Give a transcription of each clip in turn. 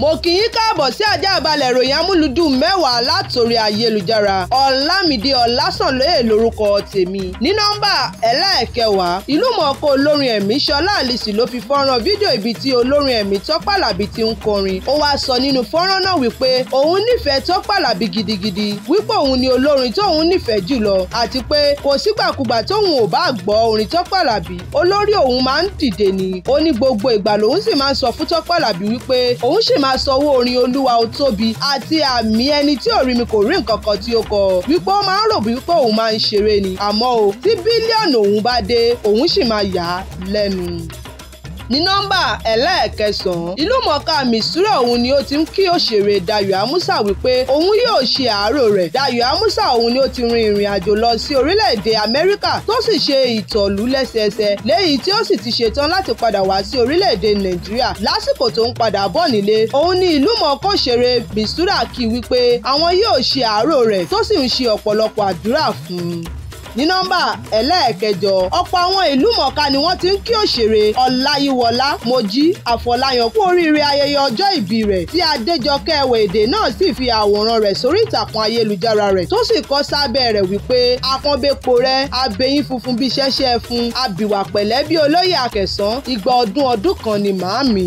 mo kì í káàbọ̀ sí ajá balẹ̀ ìròyìn amúlùdùn mẹ́wàá látòrí ayélujára ọ̀làmìdí ọ̀làsànlóye lórúkọ tèmi ní nọ́mbà ẹlẹ́ẹ̀kẹwàá ìlúmọ̀ọ́kọ́ olórin ẹ̀mí Ṣọlá Àlìsì ló fi fọ́nrán fídíò ibi tí olórin ẹ̀mí Tọ́pẹ́ Àlàbí ti ń kọrin ó wáá sọ nínú fọ́nrán náà wípé òun nífẹ̀ẹ́ Tọ́pẹ́ Àlàbí gidigidi wípé òun ni olórin tóun nífẹ̀ẹ́ jùlọ àti pé kò sígbàkúgbà tóun ò bá gbọ́ orin Tọ́pẹ́ Àlàbí olórí òun máa ń dìde ni máa sọ owó orin olúwa ó tóbi àti àmì ẹni tí ò mi kò rí nǹkan kan tí ó kọ wípé ó máa ń rò wípé òun máa ń ṣeré ni àmọ́ o tí bílíọ̀nù òun bá dé òun sì máa yà á lẹ́nu ní nọ́mbà ẹlẹ́ẹ̀kẹsàn-án ìlúmọ̀ọ́ká mistura òun ni ó ti ń kí òṣèré Dayọ̀ Amusa wípé òun yóò ṣe àárò rẹ̀ Dayọ̀ Amusa òun ni ó ti rin ìrìn àjò lọ sí orílẹ̀-èdè Amẹ́ríkà tó sì ṣe ìtọ̀lú lẹ́sẹẹsẹ léyìí tí ó sì ti ṣetán láti padà wá sí orílẹ̀-èdè Nàìjíríà lásìkò tó ń padà bọ̀ nílé òun ni ìlúmọ̀ọ́ká òṣèré mistura kí wípé àwọn yóò ṣe àárò rẹ̀ tó sì ń ṣe ọ̀pọ̀lọpọ̀ àdúrà fún un ní nọ́mbà ẹlẹ́ẹ̀kẹjọ ọ̀pọ̀ àwọn ìlú mọ̀ọ́ká ni wọ́n ti ń kí òṣèré ọláyíwọlá mojí àfọláyàn kú oríire ayẹyẹ ọjọ́ ìbí rẹ̀ tí adéjọkẹ́ ẹwẹ̀dẹ náà sì fi àwòrán rẹ̀ sórí ìtàkùn ayélujára rẹ̀ tó sì kọ sábẹ́ rẹ̀ wípé akọ́nbẹ́po rẹ̀ abẹ́yín funfun bí ṣẹ́ṣẹ́ fún abìwà pẹ̀lẹ́ bí olóyè akẹ̀sán ìgbà ọdún ọdún kan ni màámi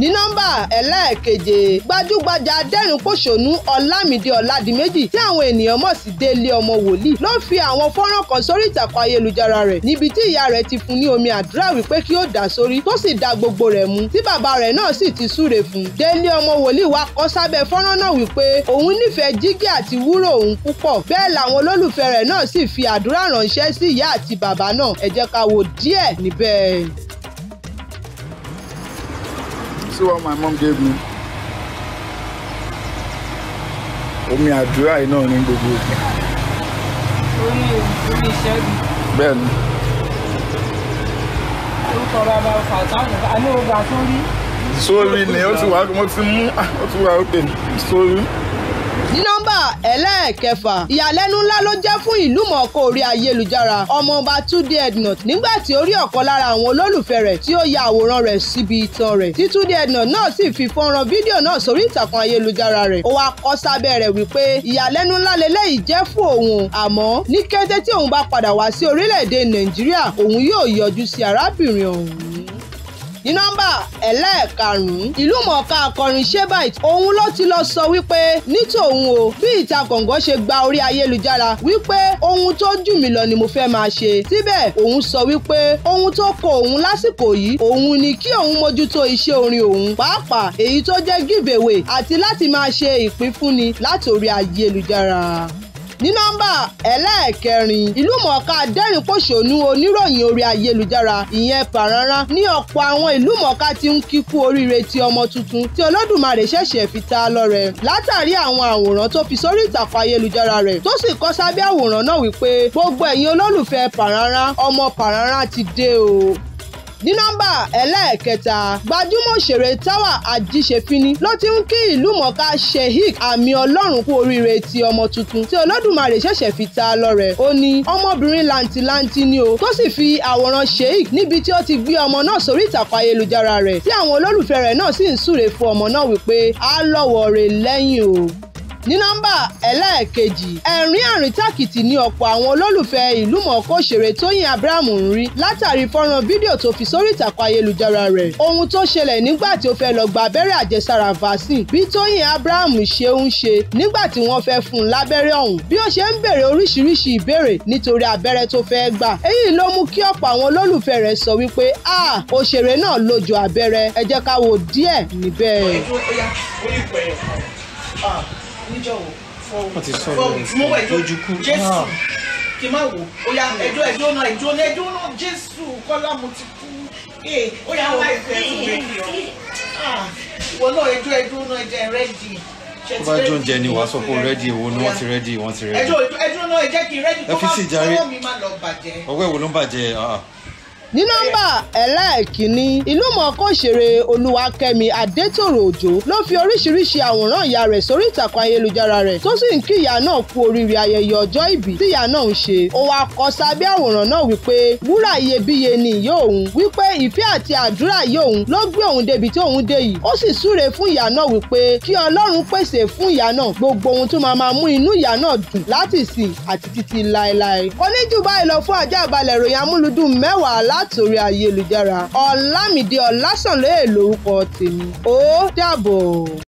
ní nọ́mbà ẹlẹ́ẹ̀keje gbajúgbajà adẹ́rìnpòṣónú ọlámídé ọládìméjì tí àwọn ènìyàn mọ̀ sí délé ọmọ wòlíì ló fi àwọn fọ́nrán kan sórí ìtàkùn ayélujára rẹ̀ níbi tí ìyá rẹ̀ ti fún ní omi àdúrà wípé kí ó dà sórí tó sì da gbogbo rẹ̀ mu tí bàbá rẹ̀ náà sì ti súre fún un délé ọmọ wòlíì wa kọ sábẹ́ fọ́nrán náà wípé òun nífẹ̀ẹ́ jígí àti wúrò òun púpọ̀ bẹ́ẹ̀ làwọn olólùfẹ́ rẹ̀ náà sì fi àdúrà ránṣẹ́ sí ìyá àti bàbá náà ẹ jẹ́ ká wo díẹ̀ níbẹ̀ see what my mom gave me. Oh, me iná dry gbogbo in the orí Ben. Bẹ́ẹ̀ni. Orúkọ bàbá Fàtàkùn, àní o gbà sórí. Sórí ni ó ti wà ó ti mú ó ti wà ó ẹlẹ́ẹ̀kẹfà ìyàlẹ́nu ńlá ló jẹ́ fún ìlú mọ̀ọ́kọ́ orí ayélujára ọmọọba Túndé Ednut nígbà tí ó rí ọ̀kan lára àwọn olólùfẹ́ rẹ̀ tí ó ya àwòrán rẹ̀ síbi ìtàn rẹ̀ tí Túndé Ednut náà sì fi fọ́nrán fídíò náà sórí ìtàkùn ayélujára rẹ̀ ó wá kọ sábẹ́ rẹ̀ wípé ìyàlẹ́nu ńlá leléyìí jẹ́ fún òun àmọ́ ní kété tí òun bá padà wá sí orílẹ̀-èdè Nàìjíríà òun yóò yọjú sí arábìnrin ọ̀hún ní nọ́mbà ẹlẹ́ẹ̀karùn-ún ìlúmọ̀ọ́ká akọrin Shebite òun ló ti lọ sọ wípé ní tòun o bí ìtakọ̀ngọ́ ṣe gba orí ayélujára wípé ohun tó jù mí lọ ni mo fẹ́ máa ṣe síbẹ̀ òun sọ wípé ohun tó kọ òun lásìkò yìí òun ni kí òun mójútó iṣẹ́ orin òun pàápàá èyí tó jẹ́ giveaway àti láti máa ṣe ìpínfúnni látòrí ayélujára ní nọ́mbà ẹlẹ́ẹ̀kẹrin ìlúmọ̀ọ́ká dẹ́rìn-pọ̀ṣónú oníròyìn orí ayélujára ìyẹn Pàrànrán ní ọ̀pọ̀ àwọn ìlúmọ̀ọ́ká tí ń kí kú oríire ti ọmọ tuntun tí Olódùmarè ṣẹ̀ṣẹ̀ fi ta lọ́rẹ látàrí àwọn àwòrán tó fi sórí ìtàkùn ayélujára rẹ̀ tó sì kọ sábẹ́ àwòrán náà wípé gbogbo ẹ̀yin olólùfẹ́ Pàrànrán ọmọ Pàrànrán ti dé o ní nọ́mbà ẹlẹ́ẹ̀kẹta gbajúmọ̀ òṣèré táwa àjíṣefínní ló ti ń kí ìlú mọ̀ká sheik àmì ọlọ́run kú oríire ti ọmọ tuntun tí olódùmarè ṣẹ̀ṣẹ̀ fi ta lọ́rẹ̀ ó ní ọmọbìnrin làǹtìlanti ni o tó sì fi àwòrán sheik níbi tí ó ti gbé ọmọ náà sórí ìtàkùn ayélujára rẹ̀ tí àwọn olólùfẹ́ rẹ̀ náà sì ń súre fún ọmọ náà wípé á lọ́wọ́ rẹ̀ lẹ́yìn o ní nọ́mbà ẹlẹ́ẹ̀kejì ẹ̀rín àríntàkìtì ni ọ̀pọ̀ àwọn olólùfẹ́ ìlúmọ̀ọ́ká òṣèré Tóyìn Abraham ń rí látàrí fọ́nrán fídíò tó fi sórí ìtàkùn ayélujára rẹ̀ ohun tó ṣẹlẹ̀ nígbà tí ó fẹ́ lọ gba abẹ́rẹ́ àjẹsára vaccine bí Tóyìn Abraham ṣe ń ṣe nígbà tí wọ́n fẹ́ fún un lábẹ́rẹ́ ọ̀hún bí ó ṣe ń bèrè oríṣiríṣi ìbéèrè nítorí abẹ́rẹ́ tó fẹ́ gbà èyí ló mú kí ọ̀pọ̀ àwọn olólùfẹ́ rẹ̀ sọ wípé a òṣèré náà lójú abẹ́rẹ́ ẹ jẹ́ ká wo díẹ̀ níbẹ̀ níjọ̀wọ́ fọwọ́ mo wẹ̀ lójúkú jésù ah. kí n má wò ó yá ẹjọ́ ẹjọ́ náà ẹjọ́ náà ẹjọ́ náà jésù kọ́lá mo ti kú ee ó yá wá ìfẹ́ tó lè ìwọ náà ẹjọ́ ẹjọ́ náà ẹjẹ́ rẹ́dì tó bá jó oúnjẹ ni wàá sọ pé rẹ́dì èwo ni wọ́n ti rẹ́dì wọ́n ti rẹ́dì. ẹjọ́ ẹjọ́ náà ẹ jẹ́ kí rẹ́dì tó bá sọ́wọ́ mi má lọ bàjẹ́. ọwọ́ èwo ló ní nọ́mbà ẹlẹ́ẹ̀kínní ìlúmọ̀ọ́ká òṣèré olúwakẹ́mi adétòrò òjò ló fi oríṣiríṣi àwòrán ìyá rẹ̀ sórí ìtàkùn ayélujára rẹ̀ tó sì ń kí ìyá náà kú oríire ayẹyẹ ọjọ́ ìbí tí ìyá náà ń ṣe ó wá kọ sábẹ́ àwòrán náà wípé wúrà iyebíye ni ìyá òun wípé ìfẹ́ àti àdúrà ìyá òun ló gbé òun débi tí òun dé yìí ó sì súre fún ìyá náà wípé kí ọlọ́run pèsè fún ìyá náà gbogbo ohun tó máa máa mú inú ìyá náà dùn láti sìn àti títí láéláé kò lọ fún àjàbalẹ̀ ìròyìn amúlùdùn mẹ́wàá látòrí ayélujára Ọlámídé Ọlásànlóye lórúkọ tèmi ó dàbọ̀.